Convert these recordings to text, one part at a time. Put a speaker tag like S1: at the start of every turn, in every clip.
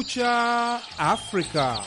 S1: Kumekucha Afrika.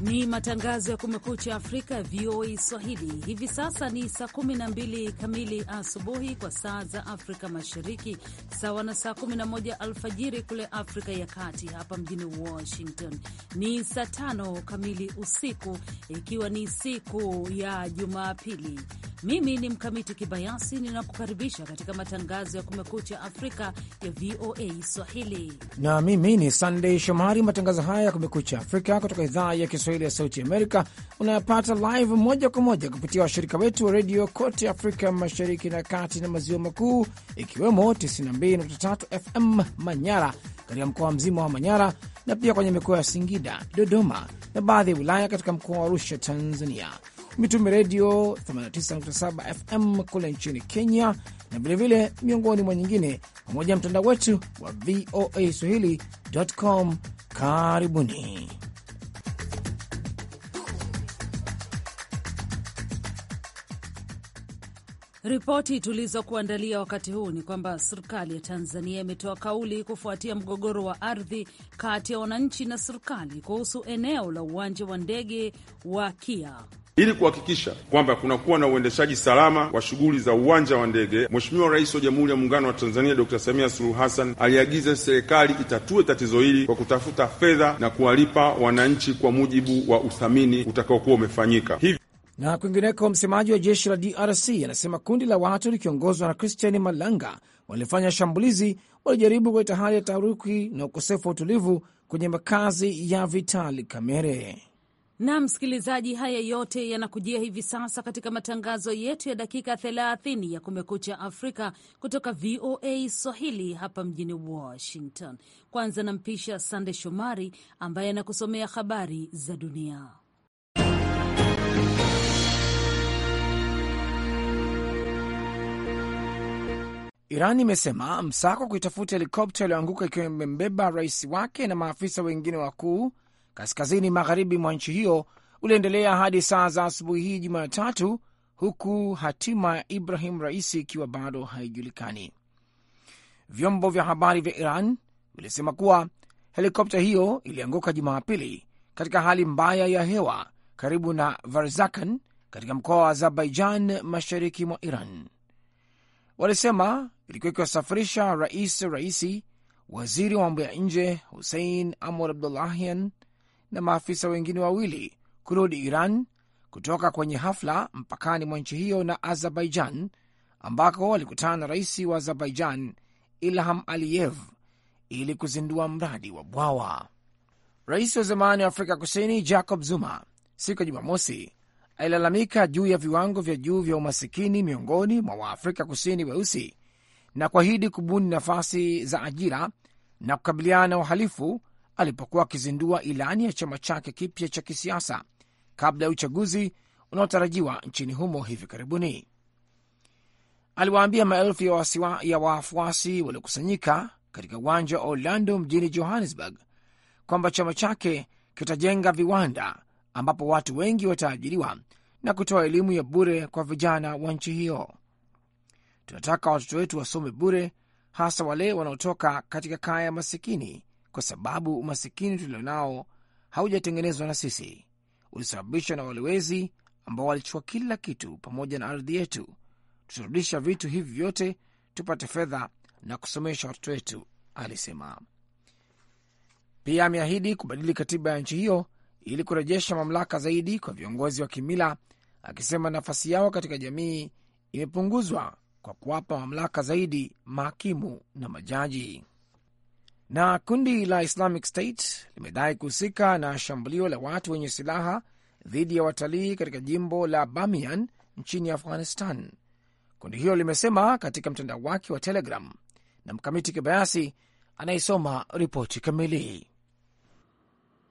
S2: Ni matangazo ya Kumekucha Afrika ya VOA Swahili. Hivi sasa ni saa 12 kamili asubuhi kwa saa za Afrika Mashariki, sawa na saa 11 alfajiri kule Afrika ya Kati. Hapa mjini Washington ni saa tano kamili usiku, ikiwa ni siku ya Jumapili. Mimi ni Mkamiti Kibayasi, ninakukaribisha katika matangazo ya Kumekucha Afrika ya VOA Swahili
S3: na mimi ni Sandey Shomari. Matangazo haya ya Kumekucha Afrika kutoka idhaa ya Kiswahili ya Sauti Amerika unayapata live moja kwa moja kupitia washirika wetu wa redio kote Afrika Mashariki na Kati na Maziwa Makuu, ikiwemo 92 101.3 FM Manyara katika mkoa mzima wa Manyara na pia kwenye mikoa ya Singida, Dodoma na baadhi ya wilaya katika mkoa wa Arusha, Tanzania. Mitume Redio 89.7 FM kule nchini Kenya na vilevile miongoni mwa nyingine, pamoja na mtandao wetu wa VOA Swahili.com. Karibuni.
S2: Ripoti tulizokuandalia wakati huu ni kwamba serikali ya Tanzania imetoa kauli kufuatia mgogoro wa ardhi kati ya wananchi na serikali kuhusu eneo la uwanja wa ndege wa Kia
S4: ili kuhakikisha kwamba kunakuwa na uendeshaji salama wa shughuli za uwanja wa ndege, Mheshimiwa Rais wa Jamhuri ya Muungano wa Tanzania Dr. Samia Suluhu Hassan aliagiza serikali itatue tatizo hili kwa kutafuta fedha na kuwalipa wananchi kwa mujibu wa uthamini utakaokuwa umefanyika hivi
S3: na kwingineko, msemaji wa jeshi la DRC anasema kundi la watu likiongozwa na Christian Malanga walifanya shambulizi, walijaribu kuleta hali ya taharuki na ukosefu wa utulivu kwenye makazi ya Vitali Kamere.
S2: Na msikilizaji, haya yote yanakujia hivi sasa katika matangazo yetu ya dakika 30 ya Kumekucha Afrika kutoka VOA Swahili hapa mjini Washington. Kwanza nampisha Sande Shomari ambaye anakusomea habari za dunia.
S3: Iran imesema msako kuitafuta helikopta iliyoanguka ikiwa imembeba rais wake na maafisa wengine wakuu kaskazini magharibi mwa nchi hiyo uliendelea hadi saa za asubuhi hii Jumatatu, huku hatima ya Ibrahim Raisi ikiwa bado haijulikani. Vyombo vya habari vya Iran vilisema kuwa helikopta hiyo ilianguka Jumapili katika hali mbaya ya hewa karibu na Varzakan katika mkoa wa Azerbaijan mashariki mwa Iran. Walisema ilikuwa ikiwasafirisha rais Raisi, waziri wa mambo ya nje Hussein Amur Abdullahian na maafisa wengine wawili kurudi Iran kutoka kwenye hafla mpakani mwa nchi hiyo na Azerbaijan, ambako walikutana na rais wa Azerbaijan Ilham Aliyev ili kuzindua mradi wa bwawa. Rais wa zamani wa Afrika Kusini Jacob Zuma siku ya Jumamosi alilalamika juu ya viwango vya juu vya umasikini miongoni mwa Waafrika Kusini weusi na kuahidi kubuni nafasi za ajira na kukabiliana na uhalifu alipokuwa akizindua ilani ya chama chake kipya cha kisiasa kabla ya uchaguzi unaotarajiwa nchini humo hivi karibuni. Aliwaambia maelfu ya, ya wafuasi waliokusanyika katika uwanja wa Orlando mjini Johannesburg kwamba chama chake kitajenga viwanda ambapo watu wengi wataajiriwa na kutoa elimu ya bure kwa vijana wa nchi hiyo. Tunataka watoto wetu wasome bure, hasa wale wanaotoka katika kaya ya masikini, kwa sababu umasikini tulionao haujatengenezwa na sisi, ulisababishwa na walewezi ambao walichukua kila kitu pamoja na ardhi yetu. Tutarudisha vitu hivi vyote, tupate fedha na kusomesha watoto wetu, alisema. Pia ameahidi kubadili katiba ya nchi hiyo ili kurejesha mamlaka zaidi kwa viongozi wa kimila, akisema nafasi yao katika jamii imepunguzwa kwa kuwapa mamlaka zaidi mahakimu na majaji. Na kundi la Islamic State limedai kuhusika na shambulio la watu wenye silaha dhidi ya watalii katika jimbo la Bamian nchini Afghanistan. Kundi hilo limesema katika mtandao wake wa Telegram, na Mkamiti Kibayasi anayesoma ripoti kamili.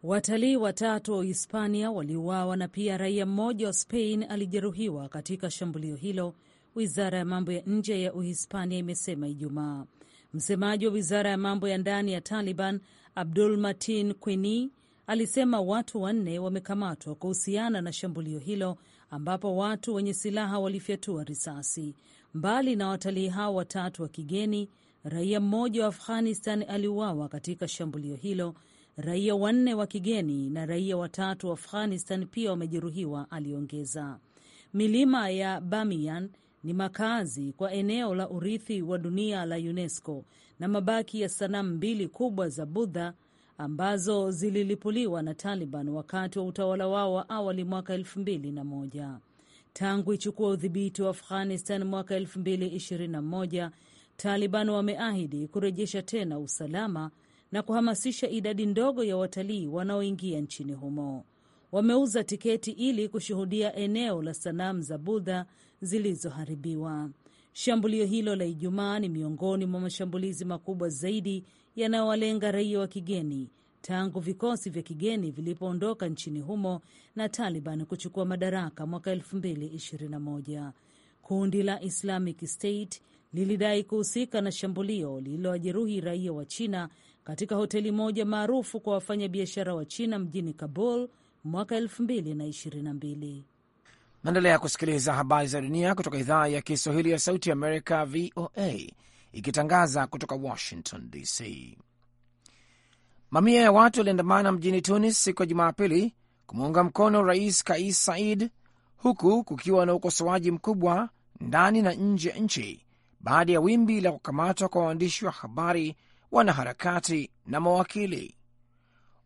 S3: Watalii watatu wa
S2: Uhispania waliuawa na pia raia mmoja wa Spain alijeruhiwa katika shambulio hilo wizara ya mambo ya nje ya Uhispania imesema Ijumaa. Msemaji wa wizara ya mambo ya ndani ya Taliban Abdul Matin Quini alisema watu wanne wamekamatwa kuhusiana na shambulio hilo ambapo watu wenye silaha walifyatua risasi. Mbali na watalii hao watatu wa kigeni, raia mmoja wa Afghanistan aliuawa katika shambulio hilo. Raia wanne wa kigeni na raia watatu wa Afghanistan pia wamejeruhiwa, aliongeza. Milima ya Bamiyan ni makazi kwa eneo la urithi wa dunia la UNESCO na mabaki ya sanamu mbili kubwa za Buddha ambazo zililipuliwa na Taliban wakati wa utawala wao wa awali mwaka moja. Tangu ichukua udhibiti wa Afghanistan mwaka moja, Taliban wameahidi kurejesha tena usalama na kuhamasisha idadi ndogo ya watalii wanaoingia nchini humo. Wameuza tiketi ili kushuhudia eneo la sanamu za Buddha zilizoharibiwa. Shambulio hilo la Ijumaa ni miongoni mwa mashambulizi makubwa zaidi yanayowalenga raia wa kigeni tangu vikosi vya kigeni vilipoondoka nchini humo na Taliban kuchukua madaraka mwaka 2021. Kundi la Islamic State lilidai kuhusika na shambulio lililowajeruhi raia wa China katika hoteli moja maarufu kwa wafanyabiashara wa China mjini Kabul mwaka 2022.
S3: Naendelea kusikiliza habari za dunia kutoka idhaa ya Kiswahili ya Sauti ya Amerika, VOA, ikitangaza kutoka Washington DC. Mamia ya watu waliandamana mjini Tunis siku ya Jumapili kumuunga mkono Rais Kais Said, huku kukiwa na ukosoaji mkubwa ndani na nje ya nchi baada ya wimbi la kukamatwa kwa waandishi wa habari, wanaharakati na mawakili.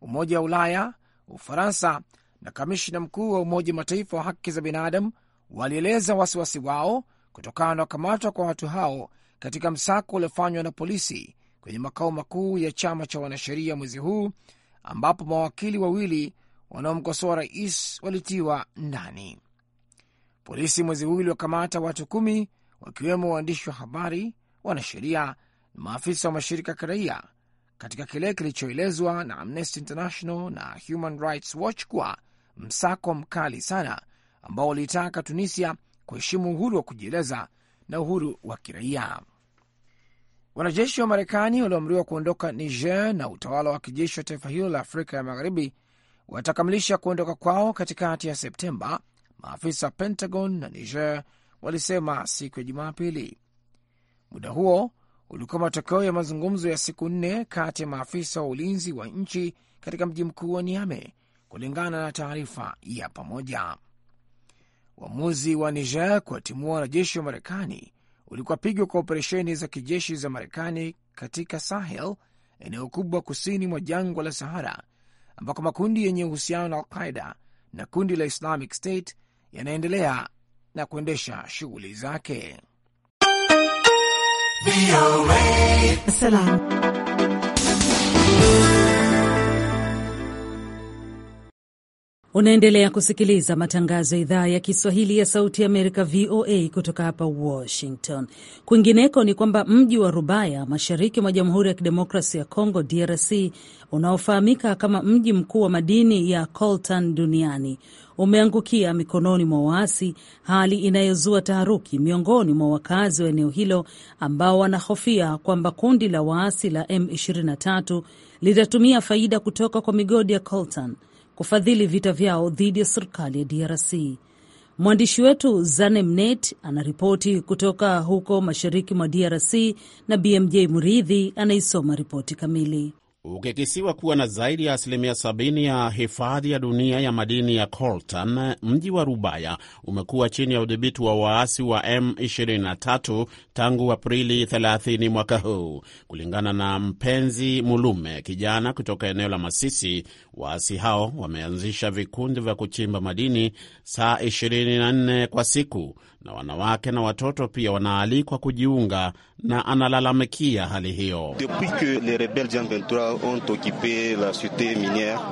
S3: Umoja wa Ulaya, Ufaransa na kamishna mkuu wa Umoja wa Mataifa wa haki za binadamu walieleza wasiwasi wao kutokana na kukamatwa kwa watu hao katika msako uliofanywa na polisi kwenye makao makuu ya chama cha wanasheria mwezi huu, ambapo mawakili wawili wanaomkosoa rais walitiwa ndani. Polisi mwezi huu iliwakamata watu kumi wakiwemo waandishi wa habari, wanasheria na maafisa wa mashirika ya kiraia katika kile kilichoelezwa na Amnesty International na Human Rights Watch kuwa msako mkali sana ambao waliitaka Tunisia kuheshimu uhuru wa kujieleza na uhuru wa kiraia. Wanajeshi wa Marekani walioamriwa kuondoka Niger na utawala wa kijeshi wa taifa hilo la Afrika ya Magharibi watakamilisha kuondoka kwao katikati ya Septemba, maafisa wa Pentagon na Niger walisema siku ya Jumapili. Muda huo ulikuwa matokeo ya mazungumzo ya siku nne kati ya maafisa wa ulinzi wa nchi katika mji mkuu wa Niame kulingana na taarifa ya pamoja. Uamuzi wa Niger kuwatimua wanajeshi wa Marekani ulikuwa pigwa kwa operesheni za kijeshi za Marekani katika Sahel, eneo kubwa kusini mwa jangwa la Sahara, ambako makundi yenye uhusiano na Alqaida na kundi la Islamic State yanaendelea na kuendesha shughuli zake. Salam.
S2: Unaendelea kusikiliza matangazo ya idhaa ya Kiswahili ya Sauti ya Amerika, VOA, kutoka hapa Washington. Kwingineko ni kwamba mji wa Rubaya, mashariki mwa Jamhuri ya Kidemokrasi ya Kongo, DRC, unaofahamika kama mji mkuu wa madini ya coltan duniani umeangukia mikononi mwa waasi, hali inayozua taharuki miongoni mwa wakazi wa eneo hilo ambao wanahofia kwamba kundi la waasi la M23 litatumia faida kutoka kwa migodi ya coltan kufadhili vita vyao dhidi ya serikali ya DRC. Mwandishi wetu Zanemnet anaripoti kutoka huko mashariki mwa DRC na BMJ Muridhi anaisoma ripoti kamili
S4: ukikisiwa kuwa na zaidi ya asilimia 70 ya hifadhi ya dunia ya madini ya coltan, mji wa Rubaya umekuwa chini ya udhibiti wa waasi wa M23 tangu Aprili 30 mwaka huu, kulingana na Mpenzi Mulume, kijana kutoka eneo la Masisi. Waasi hao wameanzisha vikundi vya kuchimba madini saa 24 kwa siku, na wanawake na watoto pia wanaalikwa kujiunga, na analalamikia hali hiyo ont la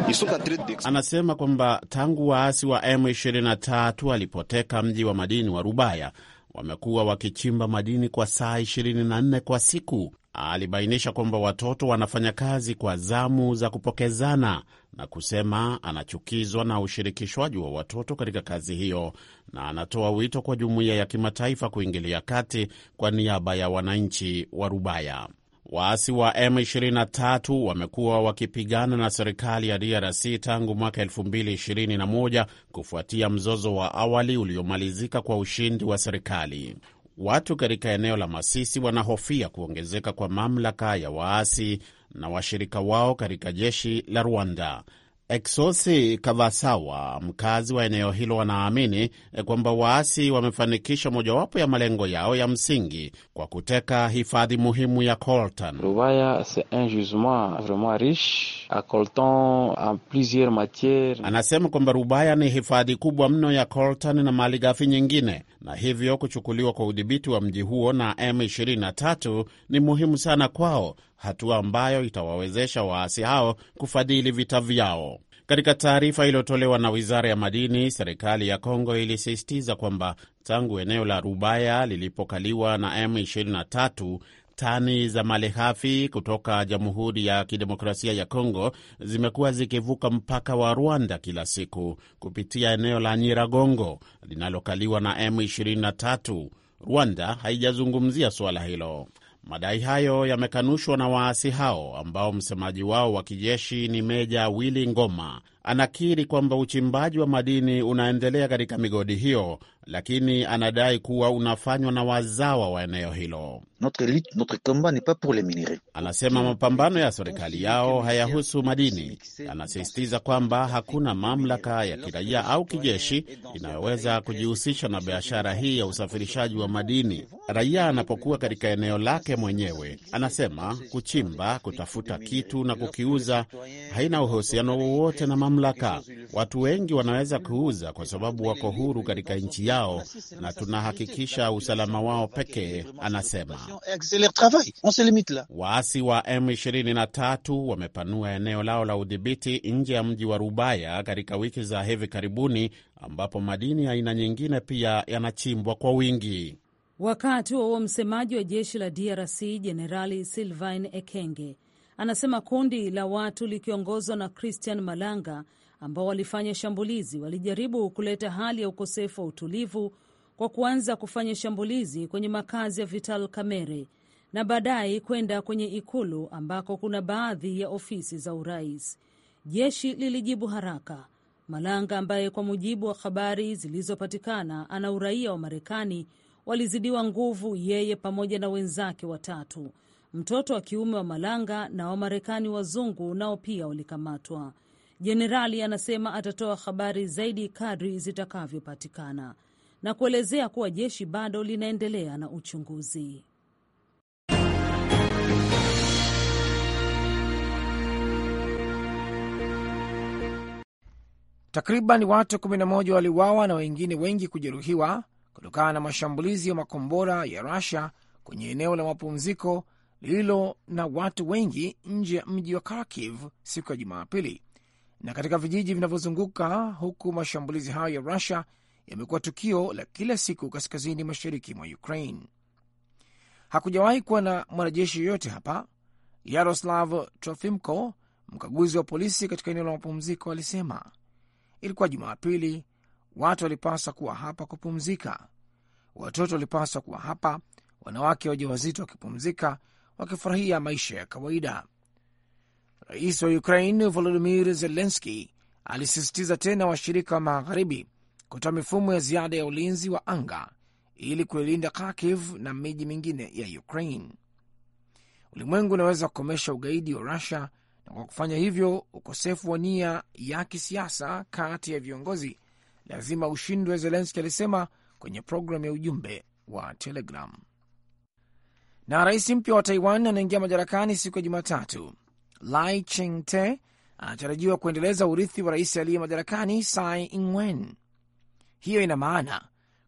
S4: Ils sont en train de... Anasema kwamba tangu waasi wa M23 walipoteka mji wa madini wa Rubaya wamekuwa wakichimba madini kwa saa 24 kwa siku. Alibainisha kwamba watoto wanafanya kazi kwa zamu za kupokezana na kusema anachukizwa na ushirikishwaji wa watoto katika kazi hiyo, na anatoa wito kwa jumuiya ya kimataifa kuingilia kati kwa niaba ya wananchi wa Rubaya. Waasi wa M23 wamekuwa wakipigana na serikali ya DRC tangu mwaka 2021 kufuatia mzozo wa awali uliomalizika kwa ushindi wa serikali. Watu katika eneo la Masisi wanahofia kuongezeka kwa mamlaka ya waasi na washirika wao katika jeshi la Rwanda. Exosi Kavasawa, mkazi wa eneo hilo, wanaamini eh, kwamba waasi wamefanikisha mojawapo ya malengo yao ya msingi kwa kuteka hifadhi muhimu ya Coltan. Rubaya vraiment riche a Coltan en plusieurs Anasema kwamba Rubaya ni hifadhi kubwa mno ya Coltan na mali ghafi nyingine, na hivyo kuchukuliwa kwa udhibiti wa mji huo na M23 ni muhimu sana kwao hatua ambayo itawawezesha waasi hao kufadhili vita vyao. Katika taarifa iliyotolewa na wizara ya madini, serikali ya Kongo ilisisitiza kwamba tangu eneo la Rubaya lilipokaliwa na M23 tani za malighafi kutoka Jamhuri ya Kidemokrasia ya Kongo zimekuwa zikivuka mpaka wa Rwanda kila siku kupitia eneo la Nyiragongo linalokaliwa na M23. Rwanda haijazungumzia suala hilo. Madai hayo yamekanushwa na waasi hao ambao msemaji wao wa kijeshi ni Meja Willy Ngoma anakiri kwamba uchimbaji wa madini unaendelea katika migodi hiyo, lakini anadai kuwa unafanywa na wazawa wa eneo hilo. Notre notre combat n'est pas pour les minerais. Anasema mapambano ya serikali yao hayahusu madini. Anasisitiza kwamba hakuna mamlaka ya kiraia au kijeshi inayoweza kujihusisha na biashara hii ya usafirishaji wa madini. Raia anapokuwa katika eneo lake mwenyewe, anasema kuchimba, kutafuta kitu na kukiuza haina uhusiano wowote na mamlaka mamlaka. Watu wengi wanaweza kuuza kwa sababu wako huru katika nchi yao, na tunahakikisha usalama wao pekee, anasema. Waasi wa M23 wamepanua eneo lao la udhibiti nje ya mji wa Rubaya katika wiki za hivi karibuni, ambapo madini aina nyingine pia yanachimbwa kwa wingi.
S2: Wakati huo msemaji wa jeshi la DRC Jenerali Sylvain Ekenge Anasema kundi la watu likiongozwa na Christian Malanga ambao walifanya shambulizi walijaribu kuleta hali ya ukosefu wa utulivu kwa kuanza kufanya shambulizi kwenye makazi ya Vital Kamerhe na baadaye kwenda kwenye ikulu ambako kuna baadhi ya ofisi za urais. Jeshi lilijibu haraka. Malanga ambaye kwa mujibu wa habari zilizopatikana ana uraia wa Marekani walizidiwa nguvu yeye pamoja na wenzake watatu mtoto wa kiume wa Malanga na Wamarekani wazungu nao pia walikamatwa. Jenerali anasema atatoa habari zaidi kadri zitakavyopatikana na kuelezea kuwa jeshi bado linaendelea na uchunguzi.
S3: Takriban watu 11 waliuawa na wengine wengi kujeruhiwa kutokana na mashambulizi ya makombora ya Rusia kwenye eneo la mapumziko lililo na watu wengi nje ya mji wa Kharkiv siku ya Jumapili na katika vijiji vinavyozunguka, huku mashambulizi hayo ya Rusia yamekuwa tukio la kila siku kaskazini mashariki mwa Ukraine. Hakujawahi kuwa na mwanajeshi yoyote hapa, Yaroslav Trofimko, mkaguzi wa polisi katika eneo la mapumziko, alisema. Ilikuwa Jumapili, watu walipaswa kuwa hapa kupumzika, watoto walipaswa kuwa hapa, wanawake wajawazito wakipumzika, wakifurahia maisha ya kawaida. Rais wa Ukraine Volodimir Zelenski alisisitiza tena washirika wa magharibi kutoa mifumo ya ziada ya ulinzi wa anga ili kuilinda Kharkiv na miji mingine ya Ukraine. Ulimwengu unaweza kukomesha ugaidi wa Rusia na kwa kufanya hivyo, ukosefu wa nia ya kisiasa kati ya viongozi lazima ushindwe, Zelenski alisema kwenye programu ya ujumbe wa Telegram. Na rais mpya wa Taiwan anaingia madarakani siku ya Jumatatu. Lai Ching-te anatarajiwa kuendeleza urithi wa rais aliye madarakani Tsai Ing-wen. Hiyo ina maana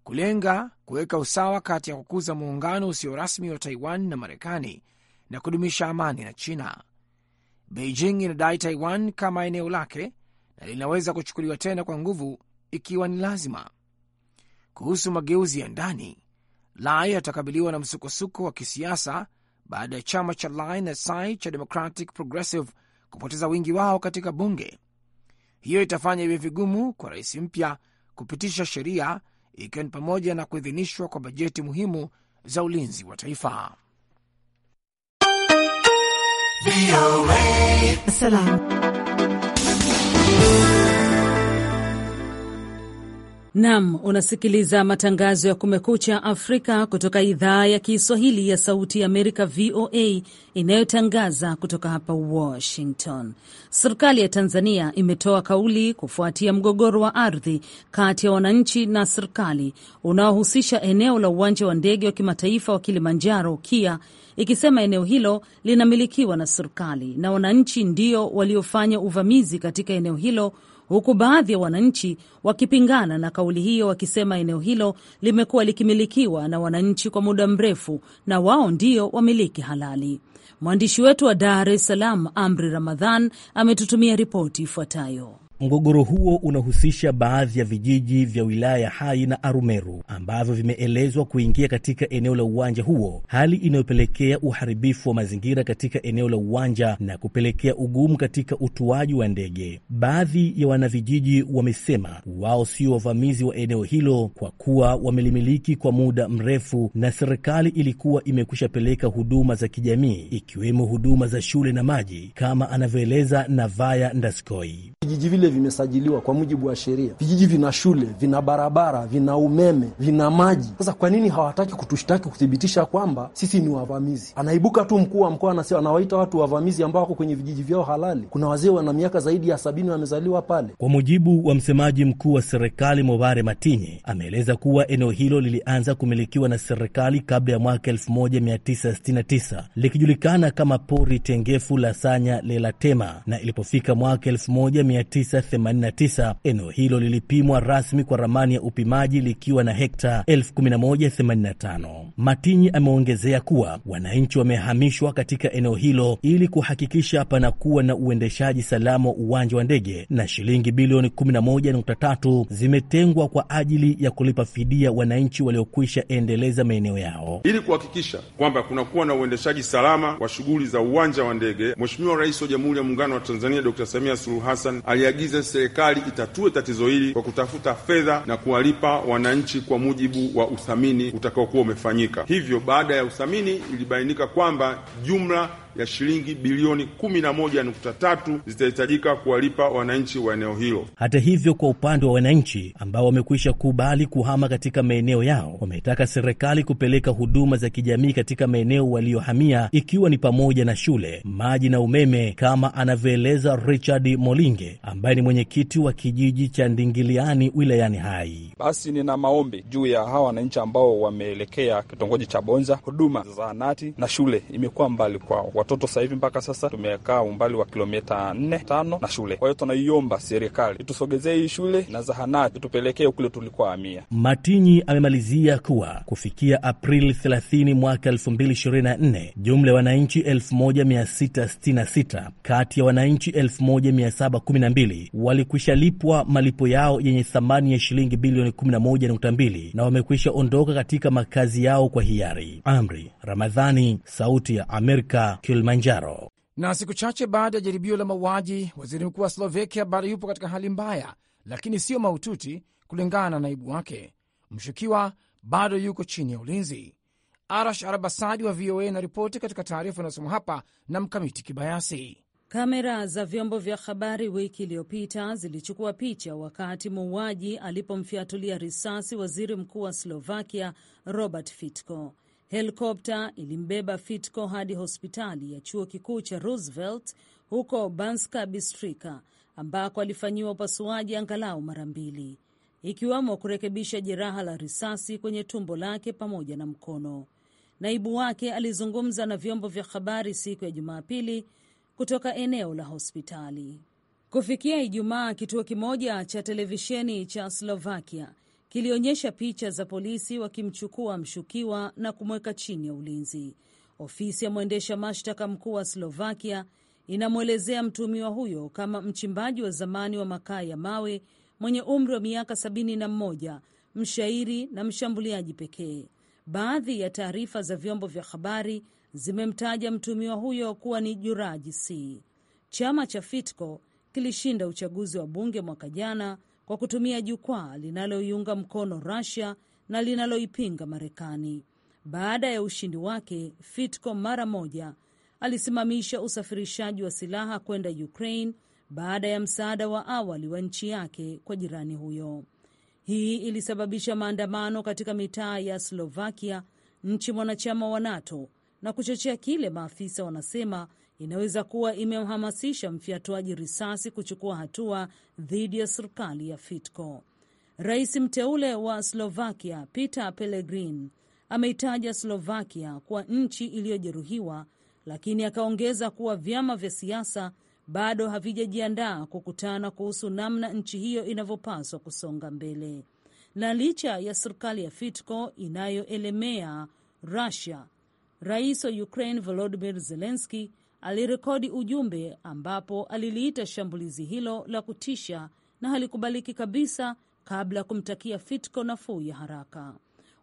S3: kulenga kuweka usawa kati ya kukuza muungano usio rasmi wa Taiwan na Marekani na kudumisha amani na China. Beijing inadai Taiwan kama eneo lake na linaweza kuchukuliwa tena kwa nguvu ikiwa ni lazima. Kuhusu mageuzi ya ndani, Lai atakabiliwa na msukosuko wa kisiasa baada ya chama cha Lai na Sai cha Democratic Progressive kupoteza wingi wao katika bunge. Hiyo itafanya iwe vigumu kwa rais mpya kupitisha sheria, ikiwa ni pamoja na kuidhinishwa kwa bajeti muhimu za ulinzi wa taifa.
S5: Salam.
S2: Nam, unasikiliza matangazo ya Kumekucha Afrika kutoka idhaa ya Kiswahili ya Sauti ya Amerika, VOA, inayotangaza kutoka hapa Washington. Serikali ya Tanzania imetoa kauli kufuatia mgogoro wa ardhi kati ya wananchi na serikali unaohusisha eneo la uwanja wa ndege wa kimataifa wa Kilimanjaro, KIA, ikisema eneo hilo linamilikiwa na serikali na wananchi ndio waliofanya uvamizi katika eneo hilo huku baadhi ya wananchi wakipingana na kauli hiyo, wakisema eneo hilo limekuwa likimilikiwa na wananchi kwa muda mrefu na wao ndio wamiliki halali. Mwandishi wetu wa Dar es Salaam, Amri Ramadhan, ametutumia ripoti ifuatayo.
S6: Mgogoro huo unahusisha baadhi ya vijiji vya wilaya ya Hai na Arumeru ambavyo vimeelezwa kuingia katika eneo la uwanja huo, hali inayopelekea uharibifu wa mazingira katika eneo la uwanja na kupelekea ugumu katika utuaji wa ndege. Baadhi ya wanavijiji wamesema wao sio wavamizi wa eneo hilo kwa kuwa wamelimiliki kwa muda mrefu na serikali ilikuwa imekwishapeleka huduma za kijamii ikiwemo huduma za shule na maji, kama anavyoeleza Navaya Ndaskoi. vile vile vimesajiliwa kwa mujibu wa sheria. Vijiji vina shule, vina barabara, vina umeme, vina maji. Sasa kwa nini hawataki kutushtaki kuthibitisha kwamba sisi ni wavamizi? Anaibuka tu mkuu wa mkoa anasema, anawaita watu wavamizi ambao wako kwenye vijiji vyao halali. Kuna wazee wana miaka zaidi ya sabini wamezaliwa pale. Kwa mujibu wa msemaji mkuu wa serikali Mobare matinye ameeleza kuwa eneo hilo lilianza kumilikiwa na serikali kabla ya mwaka 1969 likijulikana kama pori tengefu la Sanya Lelatema, na ilipofika mwaka 19 1989. Eneo hilo lilipimwa rasmi kwa ramani ya upimaji likiwa na hekta 1185. Matinyi ameongezea kuwa wananchi wamehamishwa katika eneo hilo ili kuhakikisha panakuwa na uendeshaji salama wa uwanja wa ndege, na shilingi bilioni 11.3 zimetengwa kwa ajili ya kulipa fidia wananchi waliokwisha endeleza maeneo yao
S4: ili kuhakikisha kwamba kunakuwa na uendeshaji salama wa shughuli za uwanja wa ndege. Mheshimiwa Rais wa Jamhuri ya Muungano wa Tanzania Dr. Samia Suluhu Hassan aliagiza za serikali itatue tatizo hili kwa kutafuta fedha na kuwalipa wananchi kwa mujibu wa uthamini utakaokuwa umefanyika. Hivyo baada ya uthamini ilibainika kwamba jumla ya shilingi bilioni 11.3 zitahitajika kuwalipa wananchi wa eneo hilo. Hata hivyo, kwa
S6: upande wa wananchi ambao wamekwisha kubali kuhama katika maeneo yao, wametaka serikali kupeleka huduma za kijamii katika maeneo waliyohamia, ikiwa ni pamoja na shule, maji na umeme, kama anavyoeleza Richard Molinge ambaye ni mwenyekiti wa kijiji cha Ndingiliani wilayani Hai.
S1: Basi nina maombi juu ya hawa wananchi ambao wameelekea kitongoji cha Bonza, huduma za zahanati na shule imekuwa mbali kwao watoto sasa hivi mpaka sasa tumekaa umbali wa kilomita nne tano na shule. Kwa hiyo tunaiomba serikali itusogezee hii shule na zahanati itupelekee kule tulikuwa amia.
S6: Matinyi amemalizia kuwa kufikia Aprili 30 mwaka 2024 jumla ya wananchi 1666 kati ya wananchi 1712 walikwisha lipwa malipo yao yenye thamani ya shilingi bilioni 11.2 na wamekwisha ondoka katika makazi yao kwa hiari. Amri Ramadhani, Sauti ya Amerika, Kilimanjaro.
S3: Na siku chache baada ya jaribio la mauaji, waziri mkuu wa Slovakia bado yupo katika hali mbaya, lakini siyo mahututi, kulingana na naibu wake. Mshukiwa bado yuko chini ya ulinzi. Arash Arabasadi wa VOA na ripoti katika taarifa inayosoma hapa na Mkamiti Kibayasi. Kamera za vyombo
S2: vya habari wiki iliyopita zilichukua picha wakati muuaji alipomfyatulia risasi waziri mkuu wa Slovakia Robert Fitco. Helikopta ilimbeba Fitco hadi hospitali ya chuo kikuu cha Roosevelt huko Banska Bistrika, ambako alifanyiwa upasuaji angalau mara mbili, ikiwemo kurekebisha jeraha la risasi kwenye tumbo lake pamoja na mkono. Naibu wake alizungumza na vyombo vya habari siku ya Jumapili kutoka eneo la hospitali. Kufikia Ijumaa, kituo kimoja cha televisheni cha Slovakia kilionyesha picha za polisi wakimchukua mshukiwa na kumweka chini ya ulinzi. Ofisi ya mwendesha mashtaka mkuu wa Slovakia inamwelezea mtuhumiwa huyo kama mchimbaji wa zamani wa makaa ya mawe mwenye umri wa miaka 71 mshairi na mshambuliaji pekee. Baadhi ya taarifa za vyombo vya habari zimemtaja mtuhumiwa huyo kuwa ni Juraji C. Chama cha Fitco kilishinda uchaguzi wa bunge mwaka jana kwa kutumia jukwaa linaloiunga mkono Russia na linaloipinga Marekani. Baada ya ushindi wake, Fitco mara moja alisimamisha usafirishaji wa silaha kwenda Ukraine baada ya msaada wa awali wa nchi yake kwa jirani huyo. Hii ilisababisha maandamano katika mitaa ya Slovakia, nchi mwanachama wa NATO, na kuchochea kile maafisa wanasema inaweza kuwa imemhamasisha mfyatuaji risasi kuchukua hatua dhidi ya serikali ya Fitco. Rais mteule wa Slovakia Peter Pellegrin ameitaja Slovakia kuwa nchi iliyojeruhiwa, lakini akaongeza kuwa vyama vya siasa bado havijajiandaa kukutana kuhusu namna nchi hiyo inavyopaswa kusonga mbele. Na licha ya serikali ya Fitco inayoelemea Rusia, rais wa Ukraine volodimir zelenski alirekodi ujumbe ambapo aliliita shambulizi hilo la kutisha na halikubaliki kabisa, kabla ya kumtakia fitko nafuu ya haraka.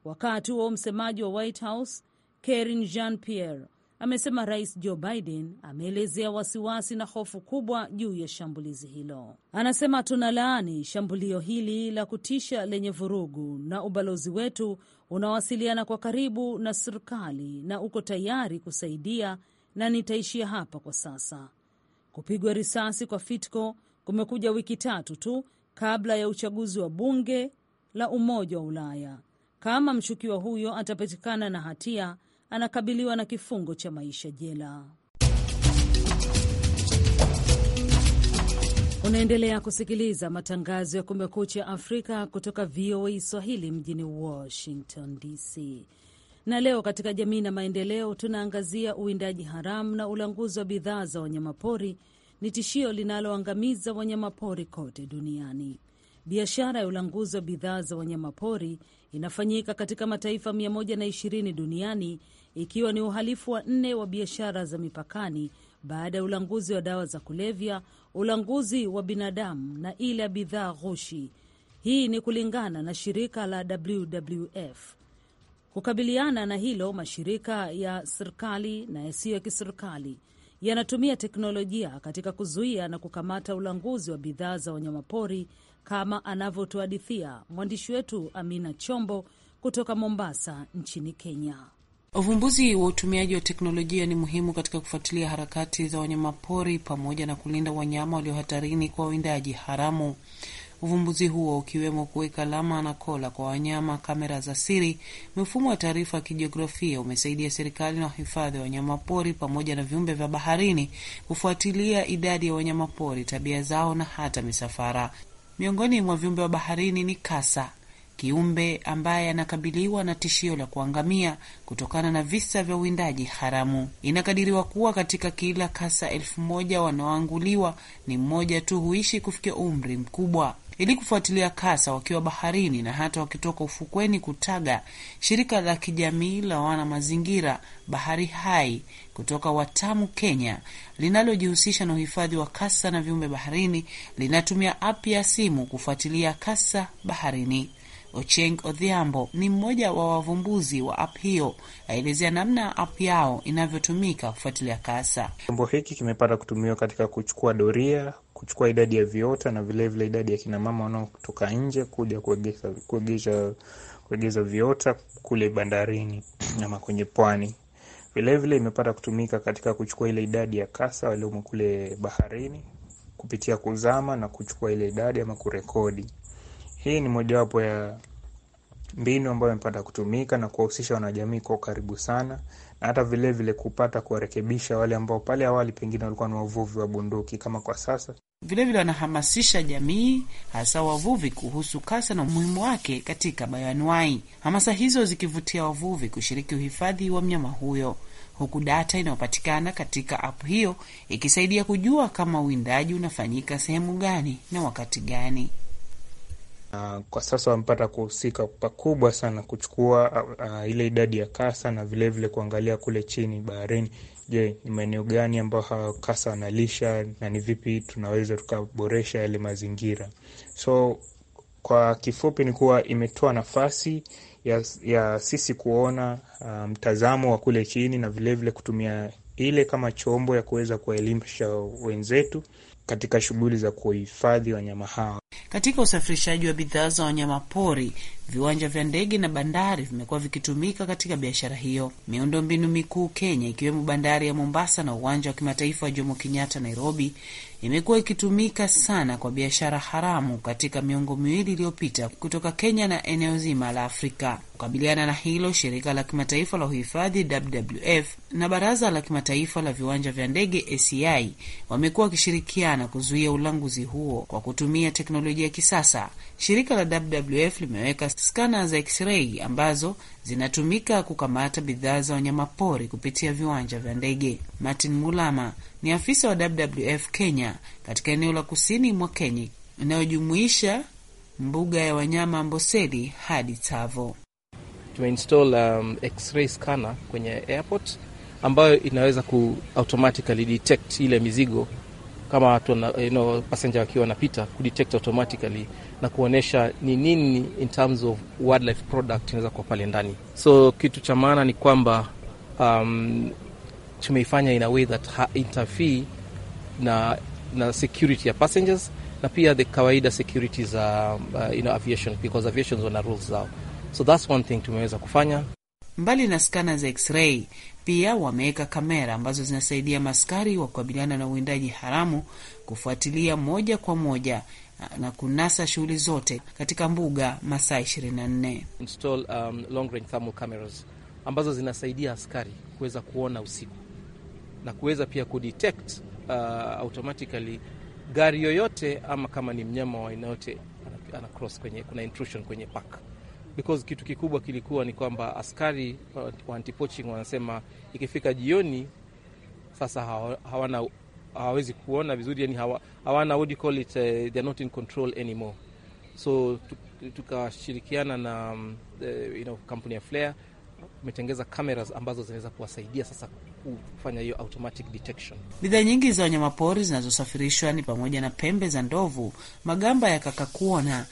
S2: Wakati huo msemaji wa White House Karine Jean Pierre amesema Rais Joe Biden ameelezea wasiwasi na hofu kubwa juu ya shambulizi hilo. Anasema, tunalaani shambulio hili la kutisha lenye vurugu, na ubalozi wetu unawasiliana kwa karibu na serikali na uko tayari kusaidia na nitaishia hapa kwa sasa. Kupigwa risasi kwa Fitco kumekuja wiki tatu tu kabla ya uchaguzi wa bunge la Umoja wa Ulaya. Kama mshukiwa huyo atapatikana na hatia, anakabiliwa na kifungo cha maisha jela. Unaendelea kusikiliza matangazo ya Kumekucha Afrika kutoka VOA Swahili mjini Washington DC. Na leo katika jamii na maendeleo tunaangazia uwindaji haramu na ulanguzi wa bidhaa za wanyamapori ni tishio linaloangamiza wanyamapori kote duniani. Biashara ya ulanguzi wa bidhaa za wanyamapori inafanyika katika mataifa 120 duniani ikiwa ni uhalifu wa nne wa biashara za mipakani baada ya ulanguzi wa dawa za kulevya, ulanguzi wa binadamu na ile ya bidhaa ghushi. Hii ni kulingana na shirika la WWF Kukabiliana na hilo, mashirika ya serikali na yasiyo ya kiserikali yanatumia teknolojia katika kuzuia na kukamata ulanguzi wa bidhaa za wanyamapori, kama anavyotuhadithia mwandishi wetu Amina Chombo kutoka Mombasa nchini Kenya.
S5: Uvumbuzi wa utumiaji wa teknolojia ni muhimu katika kufuatilia harakati za wanyamapori pamoja na kulinda wanyama walio hatarini kwa uwindaji haramu. Uvumbuzi huo ukiwemo kuweka alama na kola kwa wanyama, kamera za siri, mifumo ya taarifa ya kijiografia umesaidia serikali na wahifadhi wa wanyamapori pamoja na viumbe vya baharini kufuatilia idadi ya wanyamapori, tabia zao na hata misafara. Miongoni mwa viumbe wa baharini ni kasa, kiumbe ambaye anakabiliwa na tishio la kuangamia kutokana na visa vya uwindaji haramu. Inakadiriwa kuwa katika kila kasa elfu moja wanaoanguliwa ni mmoja tu huishi kufikia umri mkubwa ili kufuatilia kasa wakiwa baharini na hata wakitoka ufukweni kutaga. Shirika la kijamii la wana mazingira Bahari Hai kutoka Watamu, Kenya, linalojihusisha na uhifadhi wa kasa na viumbe baharini linatumia app ya simu kufuatilia kasa baharini. Ocheng Odhiambo ni mmoja wa wavumbuzi wa app hiyo, aelezea namna app yao inavyotumika kufuatilia kasa.
S1: Chombo hiki kimepata kutumiwa katika kuchukua doria, kuchukua idadi ya viota na vilevile vile idadi ya kinamama wanaotoka nje kuja kuegeza viota kule bandarini ama kwenye pwani. Vilevile imepata kutumika katika kuchukua ile idadi ya kasa waliomo kule baharini kupitia kuzama na kuchukua ile idadi ama kurekodi. Hii ni mojawapo ya mbinu ambayo imepata kutumika na kuwahusisha wanajamii kwa karibu sana, na hata vilevile vile kupata kuwarekebisha wale ambao pale awali pengine walikuwa ni wavuvi wa bunduki kama kwa sasa.
S5: Vilevile wanahamasisha vile jamii, hasa wavuvi, kuhusu kasa na umuhimu wake katika bayanwai hamasa hizo zikivutia wavuvi kushiriki uhifadhi wa mnyama huyo, huku data inayopatikana katika app hiyo ikisaidia kujua kama uwindaji unafanyika sehemu gani na wakati gani.
S1: Uh, kwa sasa wamepata kuhusika pakubwa sana kuchukua uh, ile idadi ya kasa na vilevile vile kuangalia kule chini baharini. Je, ni maeneo gani ambayo hawa kasa wanalisha na ni vipi tunaweza tukaboresha yale mazingira? So kwa kifupi ni kuwa imetoa nafasi ya, ya sisi kuona mtazamo um, wa kule chini na vilevile vile kutumia ile kama chombo ya kuweza kuwaelimisha wenzetu katika shughuli za kuhifadhi wanyama hawa.
S5: Katika usafirishaji wa bidhaa za wanyama pori, viwanja vya ndege na bandari vimekuwa vikitumika katika biashara hiyo. miundo mbinu mikuu Kenya, ikiwemo bandari ya Mombasa na uwanja wa kimataifa wa Jomo Kenyatta Nairobi, imekuwa ikitumika sana kwa biashara haramu katika miongo miwili iliyopita kutoka Kenya na eneo zima la Afrika. Kukabiliana na hilo, shirika la kimataifa la uhifadhi WWF na baraza la kimataifa la viwanja vya ndege ACI wamekuwa wakishirikiana kuzuia ulanguzi huo kwa kutumia teknolojia ya kisasa. Shirika la WWF limeweka skana za X-ray ambazo zinatumika kukamata bidhaa za wanyamapori kupitia viwanja vya ndege. Martin Mulama ni afisa wa WWF Kenya katika eneo la kusini mwa Kenya inayojumuisha mbuga ya wanyama Amboseli hadi Tsavo.
S7: Tumeinstall um, x-ray scanner kwenye airport ambayo inaweza ku automatically detect ile mizigo kama watu na, you know, passenger wakiwa wanapita kudetect automatically na kuonyesha ni nini in terms of wildlife product inaweza kuwa pale ndani. So kitu cha maana ni kwamba um, tumeifanya in a way that ha interfere na na security ya passengers na pia the kawaida security za
S5: uh, you know, aviation because aviation wana rules
S7: zao, so that's one thing tumeweza kufanya.
S5: Mbali na skana za x-ray, pia wameweka kamera ambazo zinasaidia maskari wa kukabiliana na uwindaji haramu kufuatilia moja kwa moja uh, na kunasa shughuli zote katika mbuga masaa 24. Install um, long range thermal cameras
S7: ambazo zinasaidia askari kuweza kuona usiku na kuweza pia kudetect uh, automatically gari yoyote ama kama ni mnyama wa aina yote ana cross kwenye, kuna intrusion kwenye park because kitu kikubwa kilikuwa ni kwamba askari uh, wa anti-poaching wanasema ikifika jioni sasa hawana hawawezi kuona vizuri yani hawa, hawana what you call it, uh, they are not in control anymore so tukashirikiana na um, uh, you know, kampuni ya Flare umetengeza cameras ambazo zinaweza kuwasaidia sasa kufanya hiyo automatic detection.
S5: Bidhaa nyingi za wanyamapori zinazosafirishwa ni pamoja na pembe za ndovu, magamba ya kakakuona,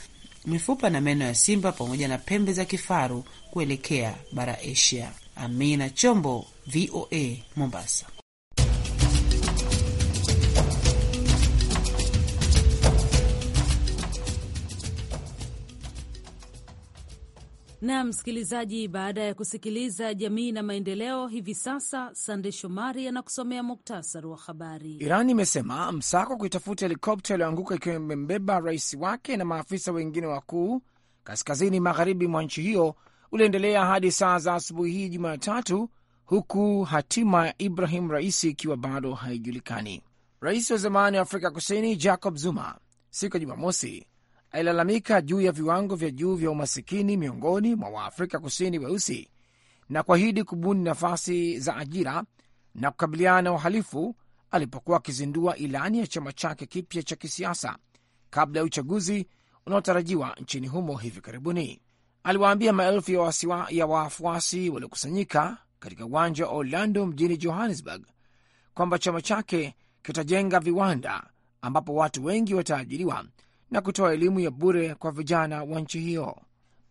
S5: mifupa na meno ya simba pamoja na pembe za kifaru kuelekea bara Asia. Amina Chombo, VOA, Mombasa.
S2: na msikilizaji, baada ya kusikiliza jamii na maendeleo, hivi sasa Sande Shomari anakusomea muktasari wa habari.
S3: Iran imesema msako wa kuitafuta helikopta iliyoanguka ikiwa imembeba rais wake na maafisa wengine wakuu kaskazini magharibi mwa nchi hiyo uliendelea hadi saa za asubuhi hii Jumatatu, huku hatima ya Ibrahim Raisi ikiwa bado haijulikani. Rais wa zamani wa Afrika Kusini Jacob Zuma siku ya Jumamosi alilalamika juu ya viwango vya juu vya umasikini miongoni mwa Waafrika Kusini weusi na kuahidi kubuni nafasi za ajira na kukabiliana na uhalifu alipokuwa akizindua ilani ya chama chake kipya cha kisiasa kabla ya uchaguzi unaotarajiwa nchini humo hivi karibuni. Aliwaambia maelfu ya, ya wafuasi waliokusanyika katika uwanja wa Orlando mjini Johannesburg kwamba chama chake kitajenga viwanda ambapo watu wengi wataajiriwa na kutoa elimu ya bure kwa vijana wa nchi hiyo.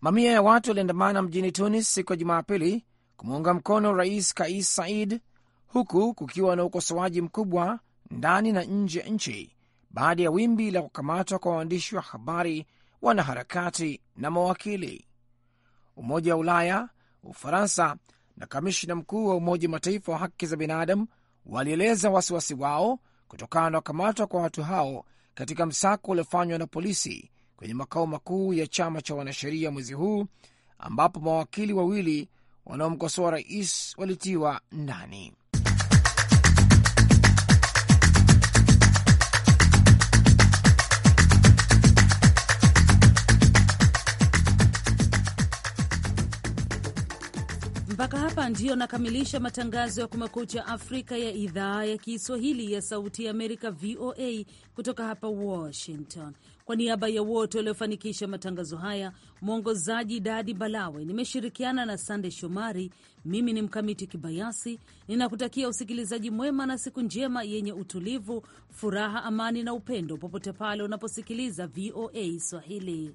S3: Mamia ya watu waliandamana mjini Tunis siku ya Jumapili kumuunga mkono Rais Kais Said, huku kukiwa na ukosoaji mkubwa ndani na nje ya nchi baada ya wimbi la kukamatwa kwa waandishi wa habari, wanaharakati na mawakili. Umoja wa Ulaya, Ufaransa na kamishna mkuu wa Umoja wa Mataifa wa haki za binadamu walieleza wasiwasi wao kutokana na kukamatwa kwa watu hao katika msako uliofanywa na polisi kwenye makao makuu ya chama cha wanasheria mwezi huu, ambapo mawakili wawili wanaomkosoa rais walitiwa ndani.
S2: Mpaka hapa ndiyo nakamilisha matangazo ya Kumekucha Afrika ya idhaa ya Kiswahili ya Sauti ya Amerika, VOA, kutoka hapa Washington. Kwa niaba ya wote waliofanikisha matangazo haya, mwongozaji Dadi Balawe, nimeshirikiana na Sande Shomari. Mimi ni Mkamiti Kibayasi, ninakutakia usikilizaji mwema na siku njema yenye utulivu, furaha, amani na upendo, popote pale unaposikiliza VOA Swahili.